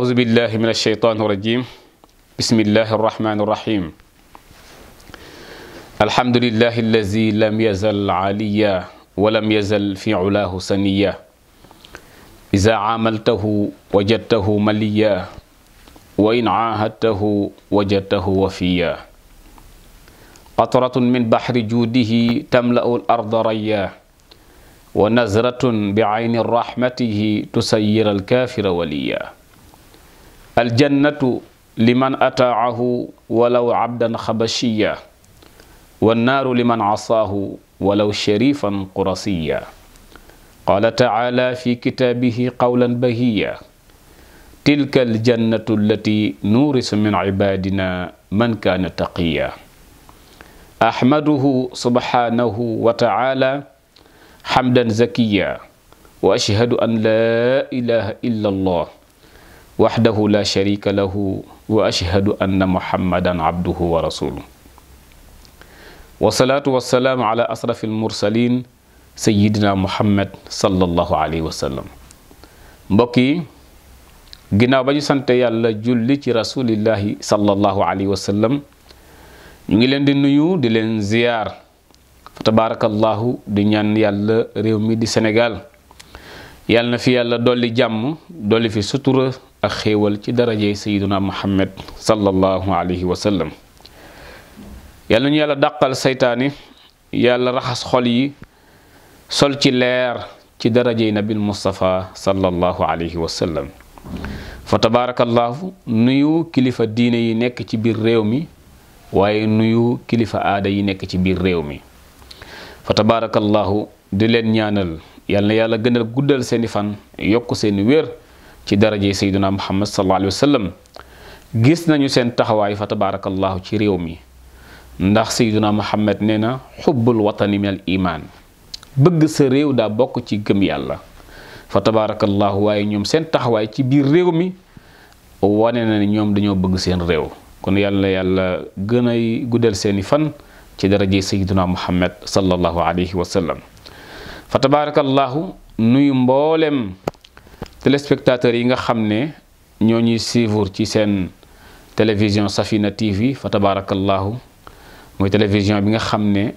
أعوذ بالله من الشيطان الرجيم بسم الله الرحمن الرحيم الحمد لله الذي لم يزل عاليا ولم يزل في علاه سنيا إذا عاملته وجدته مليا وإن عاهدته وجدته وفيا قطرة من بحر جوده تملأ الأرض ريا ونزرة بعين رحمته تسير الكافر وليا الجنة لمن أتاعه ولو عبدا خبشيا والنار لمن عصاه ولو شريفا قرصيا قال تعالى في كتابه قولا بهيا تلك الجنة التي نورث من عبادنا من كان تقيا أحمده سبحانه وتعالى حمدا زكيا وأشهد أن لا إله إلا الله وحده لا شريك له وأشهد أن محمدا عبده ورسوله والصلاة والسلام على أسرف المرسلين سيدنا محمد صلى الله عليه وسلم بكي جنا بجي سنتي الله جل رسول الله صلى الله عليه وسلم نيلن دي نيو دي لن زيار تبارك الله دي نيان يالا ريومي دي سنغال يالنا في يالا دولي جام دولي في ستره ak xéewal ci darajey sayiduna muhammad sallallahu alayhi wa sallam yàlla ñu yàlla dàqal saytaani yàlla raxas xol yi sol ci leer ci darajey nabil mustafa sallallahu alayhi wa fa tabaarakallaahu nuyu kilifa diine yi nekk ci biir réew mi waaye nuyu kilifa aada yi nekk ci biir réew mi fa tabaarakallaahu di leen ñaanal yàlla na yàlla gënal guddal seeni fan yokk seeni wér ci daraje sayduna muhammad sallallahu alayhi wa sallam gis nañu seen taxawaay fa tabaarakallahu ci réew mi ndax sayduna muhammad nee na xubbul watani min al iman bëgg sa réew daa bokk ci gëm yàlla fa tabaarakallahu waaye ñoom seen taxawaay ci biir réew mi wane na ne ñoom dañoo bëgg seen réew kon yàlla yàlla gën ay guddal seeni fan ci daraje sayduna muhammad sallallahu alayhi wa fa tabaarakallahu nuyu mboolem téléspectateurs yi nga xam ne ñoo ñuy suivre ci seen télévision Safina TV fa tabaarakallaahu mooy télévision bi nga xam ne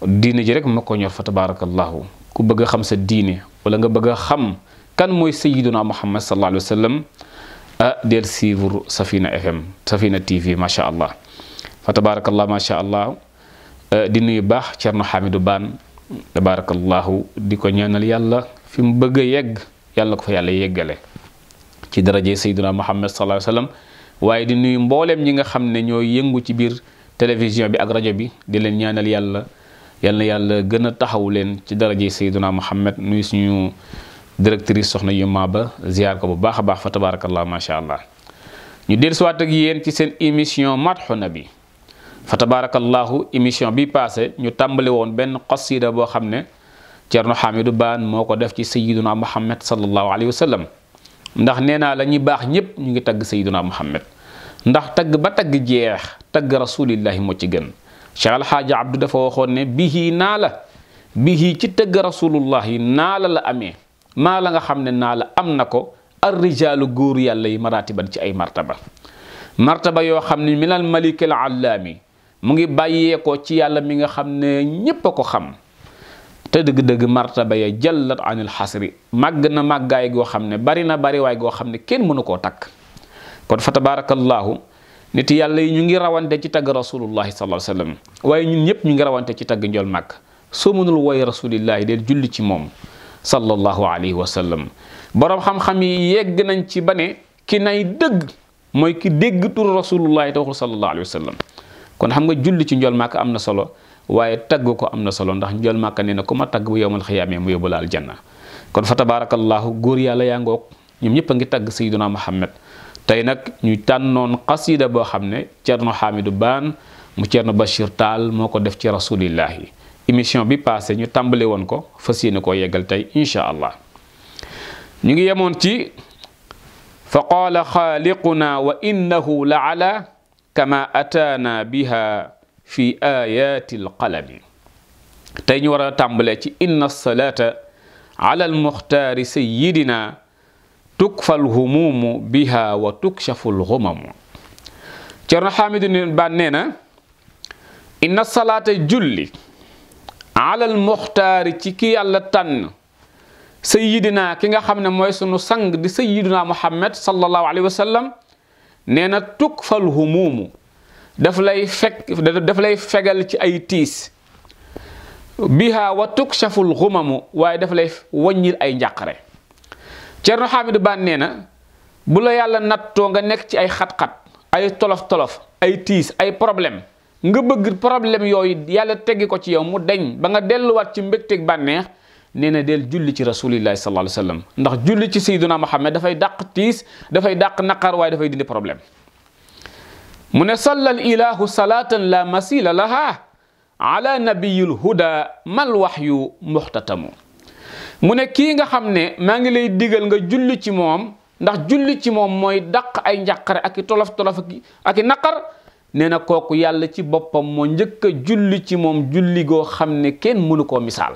diine ji rek moo ko ñor fa tabaarakallaahu ku bëgg a xam sa diine wala nga bëgg a xam kan mooy sayyiduna Muhammad sallallahu alayhi wa sallam ah del suivre Safina FM Safina TV macha allah fa tabaarakallaahu macha allah eh, di nuyu baax Thierno Hamidou Bane ko ñaanal yàlla fi mu bëgg a yegg. yàlla ko fa yàlla yeggale ci daraje sayduna muhammad sallallahu alayhi wasallam waaye di nuyu mbooleem ñi nga xam ne ñoo yëngu ci biir télévision bi ak rajo bi di leen ñaanal yàlla yal na yàlla gën a taxaw leen ci daraje sayduna muhammad nuyu suñu directrice soxna Yuma Ba ziar ko bu baax a baax fa tabarakallah macha allah ñu dellusiwaat ak yéen ci seen émission Madhoun Nabi fa tabarakallahu émission bi passé ñu tàmbali woon benn xasida boo xam ne Cerno Hamidou Baan moo ko def ci sayyiduna Muhammad sallallahu alayhi wa sallam ndax nee naa la ñuy baax ñépp ñu ngi tagg sayyiduna Muhammad ndax tagg ba tagg jeex tagg rasulillahi moo ci gën Cheikh Alxaaji Abdou dafa waxoon ne bihi naa la bihi ci tëgg rasulullahi naa la la amee maa la nga xam ne naa la am na ko arrijaalu góor yàlla yi maratiban ci ay martaba martaba yoo xam ne minal malikil allaami mu ngi bàyyeekoo ci yàlla mi nga xam ne ñépp a ko xam te dëgg-dëgg martaba ya jallat anil xasri màgg na màggaay goo xam ne bari na bari waay goo xam ne kenn mënu koo takk kon fa tabaarakallaahu nit yàlla yi ñu ngi rawante ci tagg rasulullahi sallallahu alayhi wasallam waaye ñun ñëpp ñu ngi rawante ci tàgg njool màgg soo mënul woy rasulillahi deel julli ci moom sallallahu alayhi wa sallam boroom xam-xam yi yegg nañ ci ba ne ki nay dëgg mooy ki dégg tur rasulullahi te waxul sallallahu alayhi wa sallam kon xam nga julli ci njool màgg am na solo waye tagg ko amna solo ndax njool màkka nee na ku ma tagg bu yowmal xiyaamee mu yóbbu la kon fa tabarakallah gor yàlla yaa ngoog ñom ñëpp nga tag sayyiduna muhammad tay nak ñuy tànnoon xasida boo xam ne cerno mu cierno bashir tal moko def ci rasulillahi émission bi passé ñu tambalé won ko fas ko yegal tay inshallah ñu ngi yemoon ci fa qala khaliquna wa innahu la'ala kama atana biha fi ayaati alqalami tey ñu war a tàmbale ci inna salaata ala almuxtaari sayidina tukfa alhumuumu biha wa tukshafu alxumamu cerno xaamidu ne baan nee na inna salaata julli ala almuxtaari ci ki yàlla tànn sayidina ki nga xam ne mooy sunu sang di sayidina muhammad sallallahu alayhi wa sallam nee na tukfa alhumuumu daf lay fekk daf lay fegal ci ay tiis biha wa tukshaful xumamu waaye daf lay waññil ay njàqare Cerno Xaamidu Baan nee na bu la yàlla nattoo nga nekk ci ay xat-xat ay tolof-tolof ay tiis ay problème nga bëgg problème yooyu yàlla teggi ko ci yow mu deñ ba nga delluwaat ci mbégteeg bànneex nee na del julli ci rasulillahi sallallahu alayhi wa sallam ndax julli ci sayyiduna Muhammad dafay dàq tiis dafay dàq naqar waaye dafay dindi problème mu ne sallal ilahu salatan la masila laha ala nabiyul huda mal waxyu muxtatamu mu ne kii nga xam ne maa ngi lay digal nga julli ci moom ndax julli ci moom mooy daq ay njàqare ak i tolof tolof ak i naqar na kooku yàlla ci boppam moo njëkk a julli ci moom julli goo xam ne kenn mënu koo misaal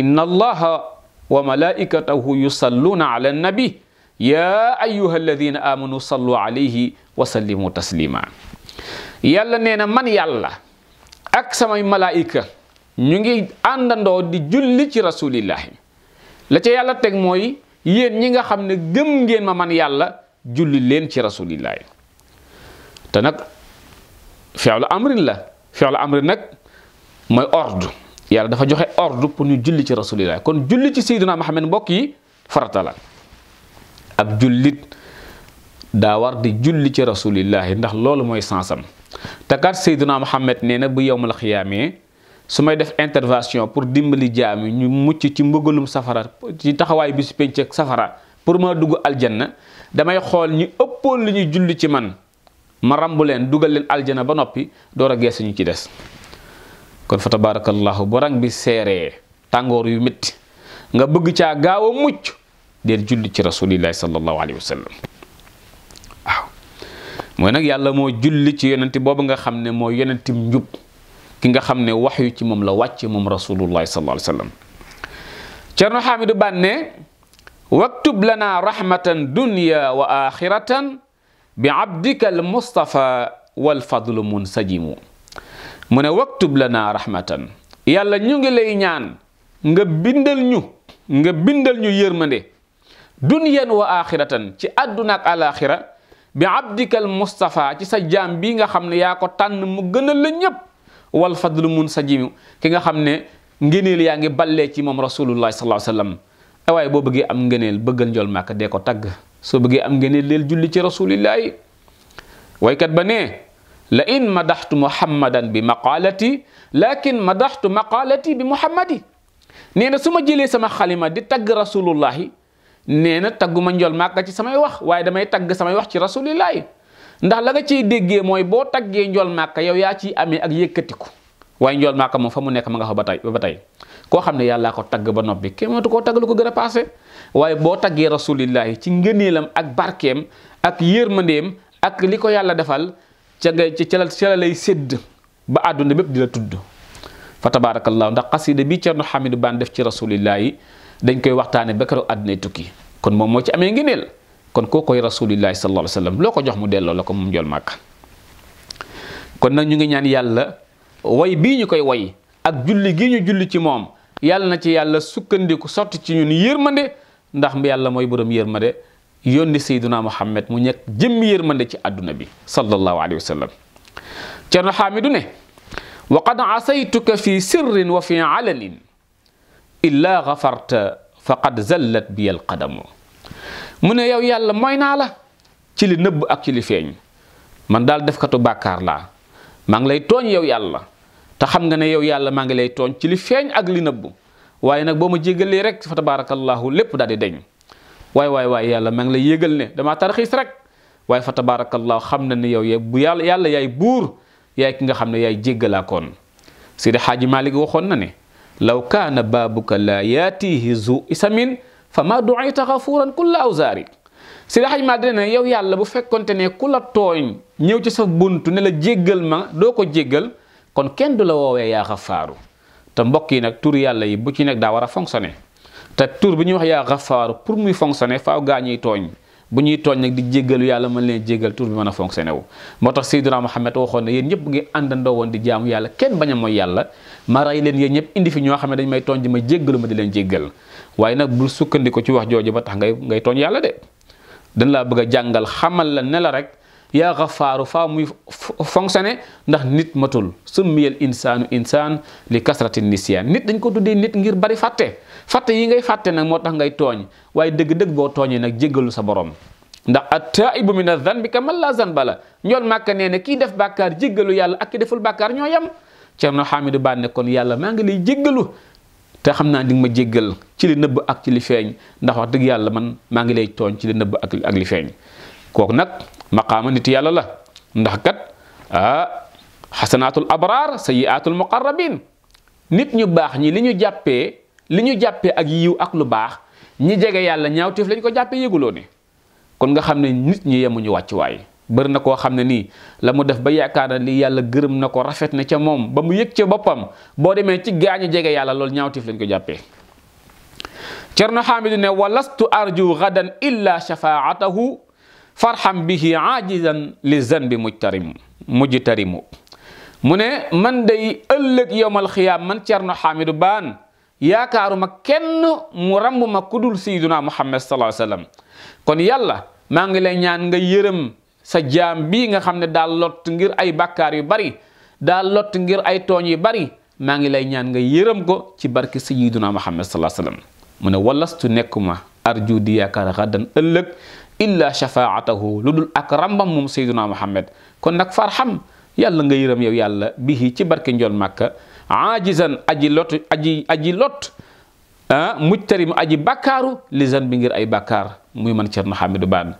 inna allaha wa malaikatahu yusalluuna ala nabi ya ayuha alladina amanu sallu alayhi wa sallimu taslima yalla neena man yalla ak sama malaika ñu ngi andando di julli ci rasulillah la ci yalla tek moy yeen ñi nga xamne gem ngeen ma man yalla julli leen ci rasulillah ta nak fi'lu amrin la fi'lu amri nak moy ordre yalla dafa joxe ordre pour ñu julli ci rasulillah kon julli ci sayyidina Muhammad mbokk yi farata la ab dawar war di julli ci rasulillah ndax lolu Takar sansam ta kat Seydina Muhammad neena bu yowmal xiyaamee sumay def intervention pour dimbali jami ñu mucc ci mbëggalum safara ci taxaway bi ci penc ak safara pour ma dugg aljanna damay xol ñu eppol li ñu julli ci man ma rambu len duggal len aljana ba nopi do ra gees ñu ci dess kon fa tabarakallah bi séré tangor yu metti nga bëgg caa gaaw mucc der julli ci rasulillah sallallahu Alaihi Wasallam. mooy nag yàlla moo julli ci yonent boobu nga xam ne moo yonentim njub ki nga xam ne wax yu ci moom la wàcce moom rasulullahi sallallahu alayhi wa sallam Cerno Xaamidu Bànne waktub lana rahmatan dunya wa axiratan bi abdika al mustafa wal munsajimu mu ne waktub lana rahmatan yàlla ñu ngi lay ñaan nga bindal ñu nga bindal ñu yërmande dunyan wa axiratan ci àdduna ak bi abdikal Moustapha ci sa jaam bii nga xam ne yaa ko tànn mu gënal la ñëpp wal fadlu mun sa jimi ki nga xam ne ngëneel yaa ngi ballee ci moom rasulullah sallallahu alayhi wasallam waaye boo bëggee am ngëneel bëggal njool màkk dee ko tagg soo bëggee am ngëneel leel julli ci rasulillahi waykat ba nee la in madaxtu muhammadan bi maqaalati lakin madaxtu maqaalati bi muhammadi nee na su ma jëlee sama xalima di tagg rasulullahi nee na tagguma njol màgg ci samay wax waaye damay tagg samay wax ci rasulillahi ndax la nga ciy déggee mooy boo taggee njol màkk yow yaa ciy amee ak yëkkatiku waaye njol màkk moom fa mu nekk ma nga fa ba tay ba tey koo xam ne yàllaa ko tagg ba noppi kenn mënatu koo tagg ko gën a passé waaye boo taggee rasulillahi ci ngëneelam ak barkeem ak yërmandeem ak li ko yàlla defal ca nga ca la lay sédd ba àdduna bépp di la tudd fa tabaarakallaahu ndax xasida bi Cerno Xamidu Baan def ci rasulillahi dañ koy waxtaane ba keroog àddinay tukki kon moom moo ci amee ngëneel kon koo koy rasulillahi sallallahu alayhi wa sallam loo ko jox mu delloo la ko moom jol màkk kon nag ñu ngi ñaan yàlla way bii ñu koy way ak julli gi ñu julli ci moom yàlla na ci yàlla sukkandiku sotti ci ñun yërmande ndax yàlla mooy borom yërmande yónni sayduna muhammad mu ñekk jëmmi yërmande ci àdduna bi sallallahu alayhi wa sallam cerno xaamidu ne wa qad asaytuka fi sirrin wa fi alanin illaa xafarta faqad zallat biyal qadamu mu ne yow yàlla mooy naa la ci li nëbb ak ci li feeñ man daal defkatu bàkkaar laa maa ngi lay tooñ yow yàlla te xam nga ne yow yàlla maa ngi lay tooñ ci li feeñ ak li nëbb waaye nag boo ma jégalee rek fa tabaarakallaahu lépp daal di deñ waay waay yàlla maa ngi lay yégal ne damaa tarxiis rek waaye fa tabaarakallaahu xam na ne yow ya yàlla yàlla yaay buur yaay ki nga xam ne yaay jéggalaakoon Seydi Xaaji Maalik waxoon law kaana baabuka laa yaatihi zu isamin fa ma taxaw xafuuran kulla awzaari si daxaj maa dina ne yow yàlla bu fekkonte ne ku la tooñ ñëw ci sa bunt ne la jéggal ma doo ko jéggal kon kenn du la woowee yaa xafaaru te mbokk yi nag tur yàlla yi bu ci nekk daa war a fonctionné te tur bi ñuy wax yaa xafaaru pour muy fonctionné faaw gaa ñuy tooñ bu ñuy tooñ nag di jéggalu yàlla man leen jéggal tur bi mën a fonctionné wu moo tax Seydina Muhammad waxoon ne yéen ñëpp ngi àndandoo di jaamu yàlla kenn bañ mooy yàlla ma ray leen yéen ñëpp indi fi ño xamne dañ may tooñ ma jéggal ma di len jéggal waye nak bul sukkandiko ci wax jooju ba tax ngay ngay tooñ yalla de dañ la bëgg a jàngal xamal la ne la rek ya ghafar fa muy fonctionné ndax nit matul summiyal insanu insan li kasrati nisyan nit dañ ko tuddé nit ngir bari faté faté yi ngay faté nak moo tax ngay togn waaye deug deug bo togné nak jéggalu sa borom ndax at-ta'ibu min adh-dhanbi man la zanbala ñol ñool màkka nee ne kii def bakkar jéggalu yalla ak ki deful bakkar ñoyam ceerno ba bànne kon yalla ma ngi lay jéggalu te xamna ding ma jéggal ci li neub ak ci li feeñ ndax wax deug yalla man ma ngi lay togn ci li neub ak ak li feeñ kok nak maqama nit yalla la ndax kat ah hasanatul abrar sayiatul muqarrabin nit ñu bax ñi li ñu jappé li ñu jappé ak yiw ak lu bax ñi jege yalla ñaawtif lañ ko jappé yegulone kon nga xamné nit ñi yemuñu wàccuwaay bëri na koo xam ne nii la mu def ba yaakaar na li yàlla gërëm na ko rafet na ca moom ba mu yëg ca boppam boo demee ci gaañu jege yàlla loolu ñaawtiif lañ ko jàppee cerno xaamidu ne walastu arju gadan illa shafaatahu farham bihi ajizan li zanbi mujtarimu mujtarimu mu ne man day ëllëg yowmal xiyaam man cerno xaamidu baan yaakaaruma kenn mu ramb ma kudul sayyiduna muhammad sallallahu alayhi wa sallam kon yàlla maa ngi lay ñaan nga yërëm sa jaam bii nga xam ne daal lot ngir ay bakkaar yu bari daal lott ngir ay tooñ yu bari maa ngi lay ñaan nga yërëm ko ci barke sayyiduna muhammad sa sallam mu ne walastu nekkuma arju di yaakaar xaddan ëllëg illa shafaatahu lu dul ak rambam moom sayyiduna muhammad kon nag xam yàlla nga yërëm yow yàlla bihi ci barke njool màkka ajizan aji lot aji aji lot ah mujtarim aji bàkkaaru lisan bi ngir ay bakkaar muy man Cerno Hamidou Bane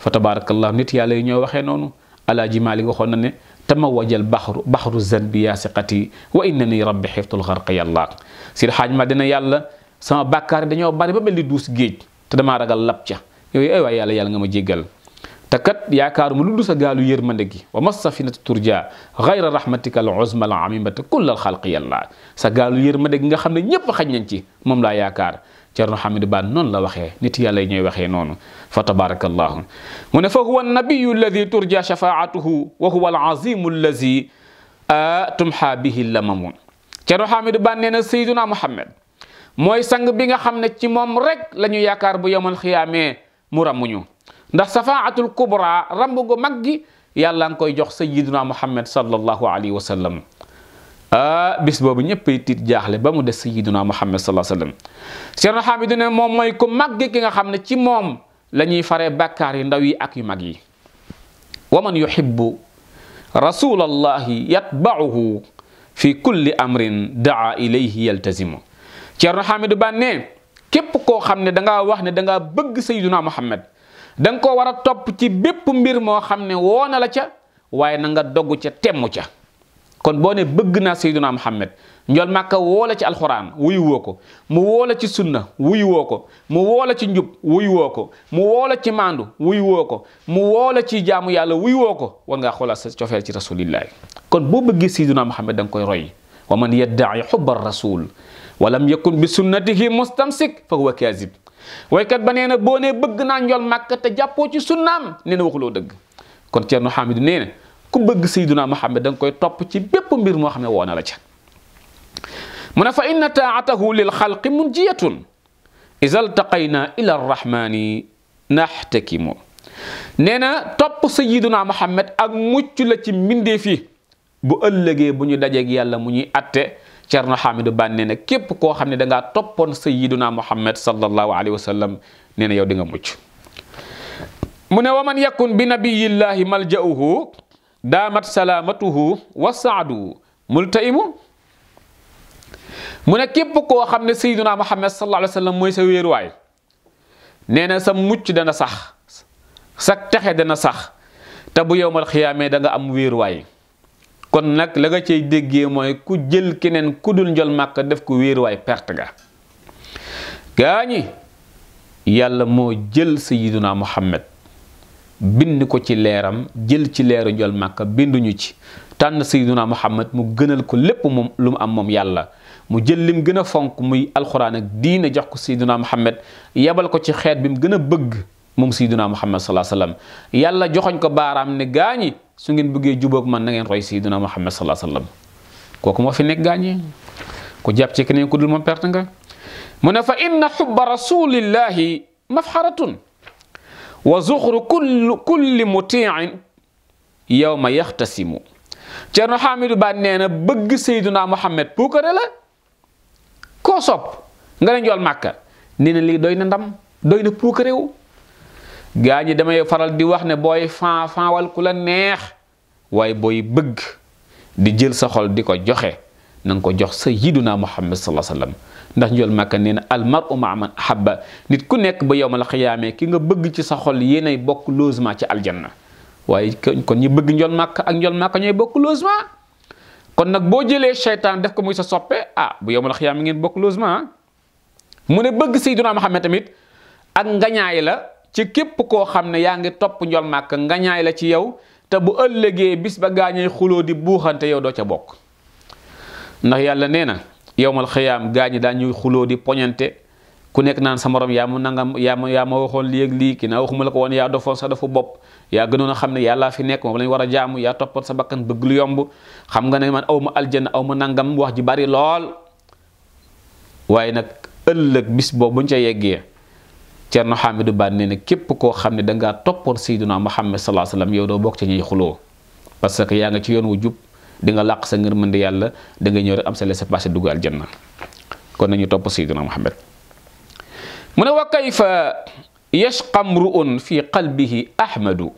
fa tabarakallahu nit yàlla yi ñoo waxee noonu alaaji Maalik waxoon na ne tamawajal baxru baxru zanbi yaasiqati wa inna ni rabbi xiftul xarqi yàlla sil xaaj ma dina yàlla sama bàkkaar dañoo bari ba mel ni duus géej te damaa ragal lab ca yooyu ay waay yàlla yàlla nga ma jéggal te kat yaakaaruma lu dul sa gaalu yërmande gi wa ma safinatu turja gayra rahmatika al uzma al amimata kullal xalqi yàlla sa gaalu yërmande gi nga xam ne ñëpp xaj nañ ci moom laa yaakaar Cerno Hamidou Bane noonu la waxee nit yàlla yi ñooy waxee noonu fa tabarakallahu mu ne fa huwa nabiyu alladi turja shafaatuhu wa huwa al azimu alladi tumha bihi lamamun Cerno Hamidou Bane nee na Seyduna Muhammad mooy sang bi nga xam ne ci moom rek la ñu yaakaar bu yomal xiyaamee mu rammuñu ndax safaatul kubra ramb gu mag gi yàlla nga koy jox Seydina Muhammad sallallahu alayhi wa sallam Ah, bis bobu ñëpp ay tiit ba mu dess sayyiduna muhammad alaihi wasallam Cheikh Hamidou ne mom moy ku maggi ki nga xam ci mom la faré bakkar yi ndaw yi ak yu maggi waman yuhibbu rasulallahi yatbauhu fi kulli amrin daa ilayhi yaltazimu Cheikh Hamidou Ba képp koo da nga wax ne da nga bëgg sayyiduna muhammad dang ko wara top ci bépp mbir mo xam ne ca waye na nga dogu ca temu ca kon boo ne bëgg naa sayduna muhammad njol màkka woola ci alxuraan wuy woo ko mu woola ci sunna wuy woo ko mu woola ci njub wuy woo ko mu woola ci maandu wuy woo ko mu woola ci jaamu yàlla wuy woo ko war ngaa xoolaat sa cofeel ci rasulillahi kon boo bëggee sayduna muhammad da nga koy roy wa man yaddaci xubba rasul wa lam yakun bi sunnatihi mustamsik fa huwa kaazib waykat ba nee na boo nee bëgg naa njol màkka te jàppoo ci sunnaam nee na loo dëgg kon ceerno xaamidu nee na ku bëgg sayyiduna muhammad dang koy top ci bëpp mbir mo xamne wona la ci muna fa inna taatahu lil khalqi munjiyatun Izal taqayna ila arrahmani nahtakimu neena na sayyiduna muhammad ak muccu la ci minde fi bu ëllëgé bu ñu ak yalla mu ñuy atte cerno hamidu banne na képp koo da nga sayyiduna muhammad sallallahu alaihi wasallam. neena yow di nga muccu mune waman yakun bi nabiyillahi malja'uhu daamat salaamatuhu wa saadu multaimu mu ne képp koo xam ne sayyiduna muhammad sallallahu alayhi wa sallam mooy sa wéeruwaay nee na sa mucc dana sax sa texe dana sax te bu yowmal xiyaamee da nga am wéeruwaay kon nag la nga cay déggee mooy ku jël keneen ku dul njol màkk def ko wéeruwaay perte ga gaañi yàlla moo jël sayyiduna muhammad bind ko ci leeram jël ci leeru jol màkka binduñu ci tànn sayyiduna muhammad mu gënal ko lépp moom lu mu am moom yàlla mu jël lim gën a fonk muy alxuraan ak diina jox ko sayyiduna muhammad yebal ko ci xeet bi mu gën a bëgg moom sayyiduna muhammad salaa sallam yàlla joxoñ ko baaraam ne gaañi su ngeen bëggee jubook man na ngeen roy sayyiduna muhammad salaa sallam kooku moo fi nekk gaañi ku jàpp ci keneen ku dul moom perte nga mu ne fa inna xubba rasulillahi mafxaratun wa zuxru kulli mu mutiin yow ma yaxtasimu Cerno Hamidou Ba nee na bëgg Seyduna Muhammad puukare la koo sopp nga ne njool màkka nee na lii doy na ndam doy na puukare wu gaa ñi damay faral di wax ne booy fan fanwal ku la neex waaye booy bëgg di jël sa xol di ko joxe na ko jox Seyduna Muhammad sallallahu alayhi wa sallam ndax njool màkka nee na al mar'u ma'a man ahabba nit ku nekk ba yowmal xiyaamee ki nga bëgg ci sa xol yéenay bokk logement ci aljanna waaye kon ñi bëgg njool màkka ak njool màkka ñooy bokk logement kon nag boo jëlee seytaan def ko muy sa soppe ah bu yowmal xiyaamee ngeen bokk logement ah. mu ne bëgg Seydina Muhammad tamit ak ngañaay la ci képp koo xam ne yaa ngi topp njool màkka ngañaay la ci yow te bu ëllëgee bis ba gaañee xuloo di buuxante yow doo ca bokk ndax yàlla nee na yowmal khiyam gaa dañu xulo di poñante ku nek nan sa morom yaa ma nangam yaa ma yaa ma waxoon lii ak li ki na waxuma lako won ya do dofoon sa dafa bopp yaa gënoon a xam ne fi nek lañ wara jaamu ya sa bakkan bëgg lu yomb xam nga ne man awma aljanna awma nangam wax ji bari lol waye nak ëlëk bis bo buñ ca yeggé Cerno Hamidou Bane ne na ko koo da nga topor sayyiduna Muhammad sallallahu Alaihi Wasallam yow do bok ci ñi xulo parce que ya nga ci yoon wu jup di nga laq sa mënd yalla da nga ñëw rek am sa laisser passer janna kon nañu top sayyidina muhammad muna wa kayfa yashqa mru'un fi qalbihi ahmadu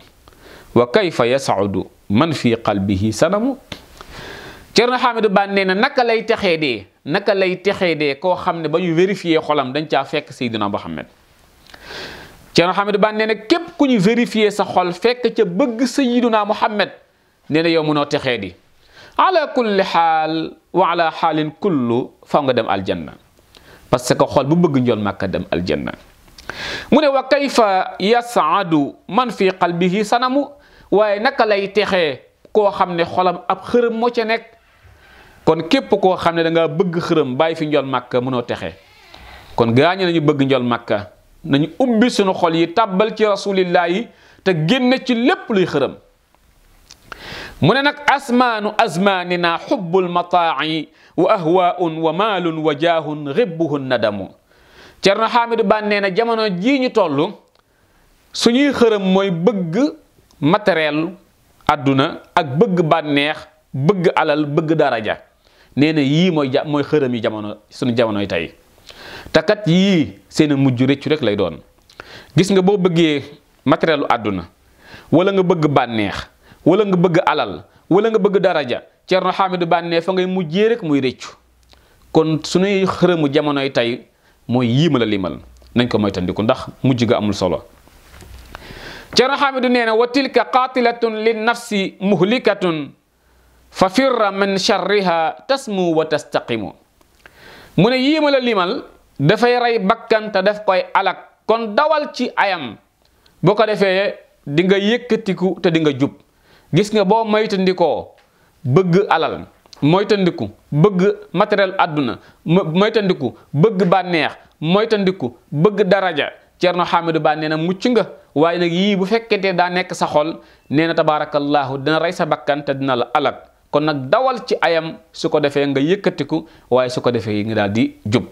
wa kayfa yas'udu man fi qalbihi sanamu cerna hamidu Bane nee na naka lay texee dee naka lay texee dan koo xam ne xolam dañ ca fekk Muhammad cerna hamidu Bane nee na képp kuñu vérifier sa xol fekk ca bëgg Muhammad neena yow mëno ala kulli xaal wa ala xaalin kullu faw nga dem aljanna parce que xool bu bëgg njool màkka dem aljana mu ne wa kayfa yasaadu man fi qalbihi sanamu waaye naka lay texee koo xam ne xolam ab xërëm moo ca nekk kon képp koo xam ne danga bëgg xërëm bàyyi fi njool màkka mënoo texe kon gaañu nañu bëgg njool màkka nañu ubbi sunu xol yi tàbbal ci rasulillah yi te génne ci lépp luy xërëm mu ne nag asmaanu azmaanina xubbul mataa'i wa ahwaa'un wa maalun wa jaahun ribbuhun nadamu Cerno Xaamidu Ban nee na jamono jii ñu toll suñuy xërëm mooy bëgg matériel àdduna ak bëgg bànneex bëgg alal bëgg daraja nee na yii mooy mooy xërëm yi jamono suñu jamonoy tey takat yii seeni mujj réccu rek lay doon gis nga boo bëggee matérielu àdduna wala nga bëgg bànneex wala nga bëgg alal wala nga bëgg daraja Ceerno Hamidou Bane fa ngay mujjé rek muy réccu kon suñu xëremu jamono tay moy yiima la limal nañ ko moytandiku ndax mujj ga amul solo Ceerno Hamidou nee wa tilka qatilatun lin nafsi muhlikatun fa firra min sharriha tasmu wa tastaqimu mune ne la limal dafay bakkan ta daf koy alak kon dawal ci ayam boko defé denga di nga ku te di nga jup gis nga boo moytandikoo bëgg alal moytandiku bëgg matériel àdduna moytandiku bëgg bànneex moytandiku bëgg daraja Ceerno Hamidou Ba nee na mucc nga waaye nag yii bu te daa nekk sa xol nee na tabaarakallaahu dina rey sa bakkan te dina la alag kon nag dawal ci ayam su ko defee nga yëkkatiku waaye su ko defee nga daal di jub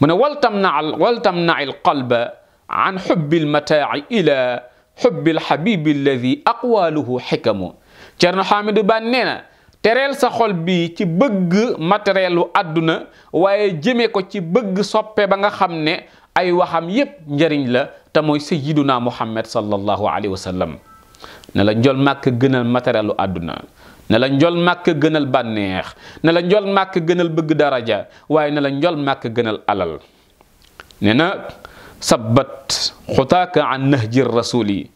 mu ne waltam na al waltam na al qalba ila xubbil xabibi alladi aqwaaluhu xikamu Cerno Xaamidu Ba nee na tereel sa xol bi ci bëgg matérielu àdduna waaye jëme ko ci bëgg soppe ba nga xam ne ay waxam yépp njariñ la te mooy sayyiduna muhammad sallallahu alayhi wa sallam ne la njol màkk gënal matérielu àdduna na la njol màkk gënal bànneex na la njol màkk gënal bëgg daraja waaye na la njol màkk gënal alal ne na sabbat xutaaka an nahji rasuli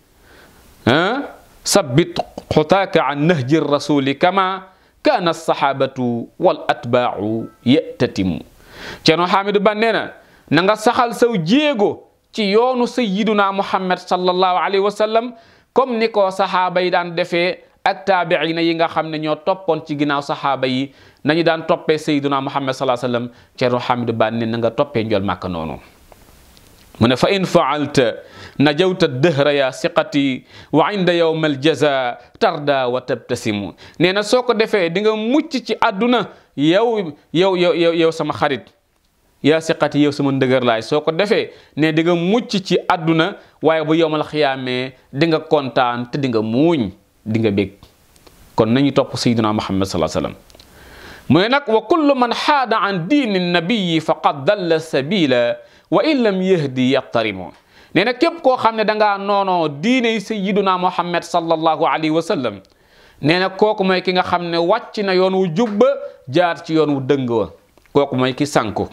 ah sabbit xutaaka an nahji rasuli kama kaana alsaxaabatu wal atbaacu yatatimu Ceerno Xaamidu Ba nee na na nga saxal saw jéego ci yoonu sayiduna muhammad sallallahu alayhi wa sallam comme ni ko saxaaba yi daan defee ak taabiina yi nga xam ne ñoo toppoon ci ginnaaw saxaaba yi nañu daan toppee sayiduna muhammad sallallahu alayhi wa sallam Ceerno Xaamidu Ba nee na nga toppee njol màkk noonu mu ne fa in faalta najawta dëhra yaa siqati wa inda yowma aljaza tarda wa tabtasimu nee na soo ko defee di nga mucc ci àdduna yow yow yow yow sama xarit ya siqati yow sama ndëgër laay soo ko defee ne di nga mucc ci àdduna waaye bu yowmal xiyaamee di nga kontaan te dinga nga muuñ di nga bég kon nañu topp sayyidina muhammad salaa sallam mu ne nag wa kullu man xaada an diini nabiyi faqad dalla sabila wa in lam yahdi yattarimu nee na képp koo xam ne danga noonoo diine sayyiduna muhammad sallallahu alayhi wa sallam nee na kooku mooy ki nga xam ne wàcc na yoon wu jubba jaar ci yoon wu dëng wa kooku mooy ki sànku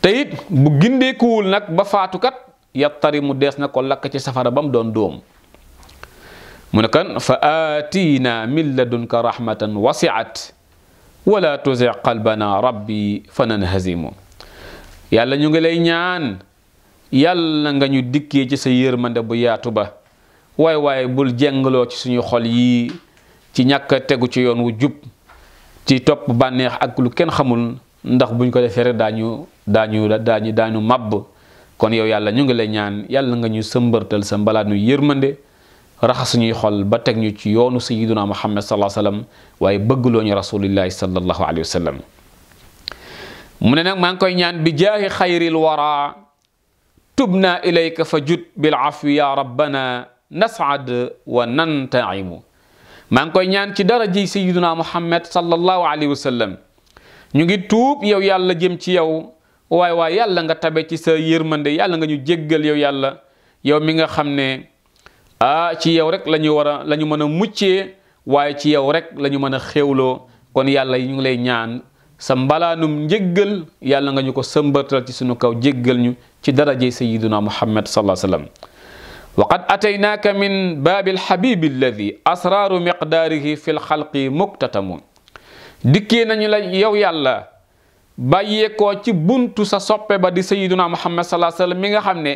te it bu gindeekuwul nag ba faatukat yattari mu dees na ko lakk ci safara ba mu doon dóom mu ne kan fa aatiina min ladunka rahmatan wasiat wala tuzi qalbana rabbi fananhasimu yàlla ñu ngi lay ñaan yàlla nga ñu dikkee ci sa yërmande bu yaatu ba waaye waaye bul jengloo ci suñu xol yi ci ñàkk tegu ci yoon wu jub ci topp bànneex ak lu kenn xamul ndax buñ ko defee rek daañu daañu daañu daañu màbb kon yow yàlla ñu ngi lay ñaan yàlla nga ñu sëmbartal sa mbalaat mbalaanu yërmande raxas suñuy xol ba teg ñu ci yoonu sayyiduna muhammad sallallahu alayhi wa sallam waaye bëggloo ñu rasulillahi sallallahu alayhi wa sallam mu ne nag maa ngi koy ñaan bi jaahi xayril wara tubna ilayka fa jut bil afwi ya rabbana nasaad wa nantaimu maa ngi koy ñaan ci dara ji sayiduna muhammad sallallahu alayhi wa ñu ngi tuub yow yàlla jëm ci yow waay waay yàlla nga tabe ci sa yërmande yàlla nga ñu jéggal yow yàlla yow mi nga xam ne ah ci yow rek la ñu war a la mën a muccee waaye ci yow rek lañu ñu mën a xéwloo kon yàlla ñu ngi lay ñaan sa mbalaanum njéggal yàlla nga ñu ko sëmbatal ci sunu kaw jéggal ñu ci darajey sayiduna muhammad sallallahu alayhi wa sallam wa qad ataynaaka min baabi alxabibi alladi asraaru miqdaarihi fi lxalqi muktatamu dikkee nañu la yow yàlla bàyyeekoo ci buntu sa soppe ba di sayiduna muhammad sallallahu alayhi wa sallam mi nga xam ne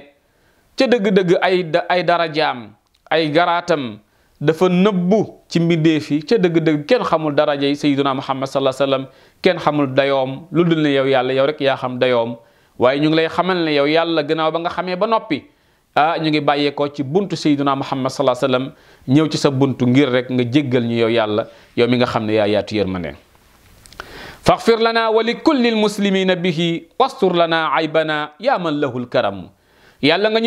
ca dëgg-dëgg ay ay darajaam ay garaatam dafa nëbbu ci mbindeef yi ca dëgg-dëgg kenn xamul darajay sayyiduna muhammad sallallahu alayhi wasallam kenn xamul dayoom lu dul ne yow yàlla yow rek yaa xam dayoom waaye ñu ngi lay xamal ne yow yàlla gannaaw ba nga xamee ba noppi ah ñu ngi bàyyeekoo ci buntu sayyiduna muhammad sallallahu alayhi wasallam ñëw ci sa buntu ngir rek nga jéggal ñu yow yàlla yow mi nga xam ne yaa yaatu yërmande faghfir lana wa li kulli muslimina bihi wastur lana aybana yaa man lahul karam yàlla nga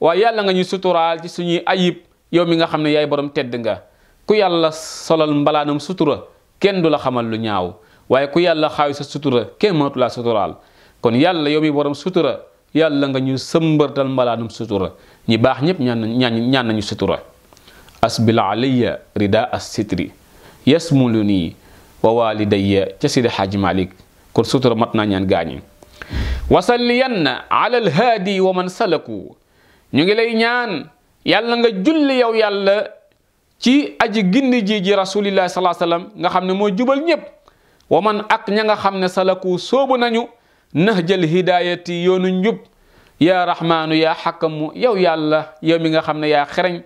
waaye yàlla nga ñu suturaal ci suñuy ayib yow mi nga xam ne yaay borom tedd nga ku yàlla solal mbalaanam sutura kenn du la xamal lu ñaaw waaye ku yàlla xaawi sutura kenn mënatu laa suturaal kon yàlla yow mi borom sutura yàlla nga ñu sëmbërtal mbalaanam sutura ñi baax ñépp ñaan nañu ñaan nañu sutura asbil alayya rida as sitri yasmulu nii wa walidayya ca sidi xaaji malik kon sutura mat na ñaan gaañi wasalliyanna ala alhaadi wa man salaku ñu ngi lay ñaan yàlla nga julli yow yàlla ci aji gindi ji ji rasulillahi salaa sallam nga xam ne moo jubal ñëpp wa man ak ña nga xam ne salaku soobu nañu nahjal hidayati yoonu njub yaa rahmaanu yaa xakamu yow yàlla yow mi nga xam ne yaa xereñ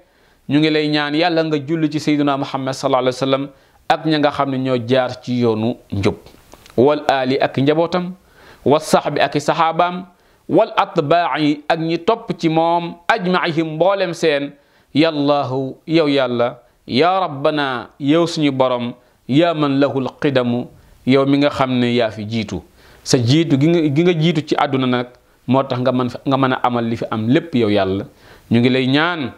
ñu ngi lay ñaan yàlla nga julli ci sayduna muhammad sallallahu alayhi wa sallam ak ña nga xam ne ñoo jaar ci yoonu njub wal aali ak njabootam wa saxbi ak i wal atbaa'i ak ñi topp ci moom ajmaihim mboolem seen yallaahu yow yàlla yaa rabbana yow suñu borom yaa man lahul qidamu yow mi nga xam ne yaa fi jiitu sa jiitu gi nga gi nga jiitu ci àdduna nag moo tax nga mën nga mën a amal li fi am lépp yow yàlla ñu ngi lay ñaan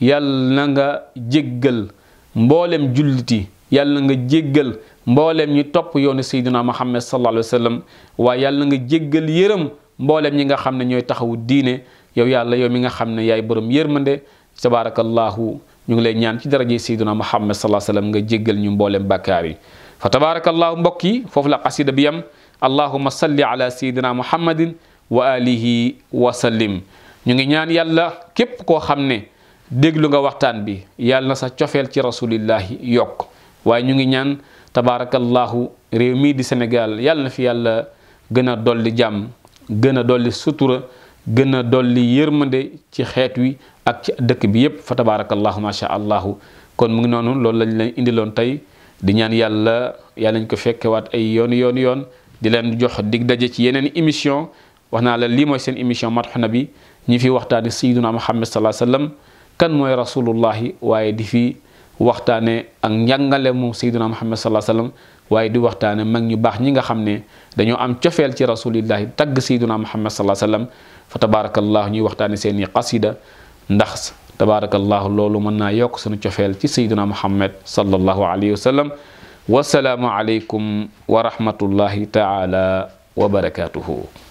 yàlla na nga jéggal mboolem julliti yàlla nga jéggal mboolem ñi topp yoonu sayduna muhammad sallallahu alayhi wa sallam waaye yàlla na nga jéggal yërëm mboolem ñi nga xam ne ñooy taxawu diine yow yàlla yow mi nga xam ne yaay borom yërmande tabaarakallaahu ñu ngi lay ñaan ci daraje sayduna muhammad salaa sallam nga jéggal ñu mboolem bakkaar yi fa tabaarakallaahu mbokk yi foofu la qasida bi yam allahuma salli ala saydina muhammadin wa alihi wa sallim ñu ngi ñaan yàlla képp koo xam ne déglu nga waxtaan bi yàlla na sa cofeel ci rasulillahi yokk waaye ñu ngi ñaan tabaarakallaahu réew mii di Sénégal yàlla na fi yàlla gën a dolli jàmm gëna doli sutura gëna doli yërmande ci xeet wi ak ci dëkk bi yépp fa tabarakallahu ma sha allahu kon mu ngi nonu loolu lañ indi lon tay di ñaan yàlla yàlla ñu ko wat ay yoon yoon yoon di leen jox dig daje ci yeneen émission waxna la li moy seen émission Madhoun Nabi ñi fi waxtaan sayyiduna muhammad sallallahu alayhi wasallam kan moy rasulullahi waye di fi waxtane ak ñangalé mu sayyiduna muhammad sallallahu alayhi wasallam waye di waxtane mag ñu bax ñi nga xamne dañu am ciofel ci rasulillahi tag sayduna muhammad sallallahu alayhi wasallam fa tabarakallah ñi waxtane seeni qasida ndax tabarakallah lolu mën na yok suñu ciofel ci sayduna muhammad sallallahu alayhi wa sallam alaykum wa rahmatullahi taala wa barakatuhu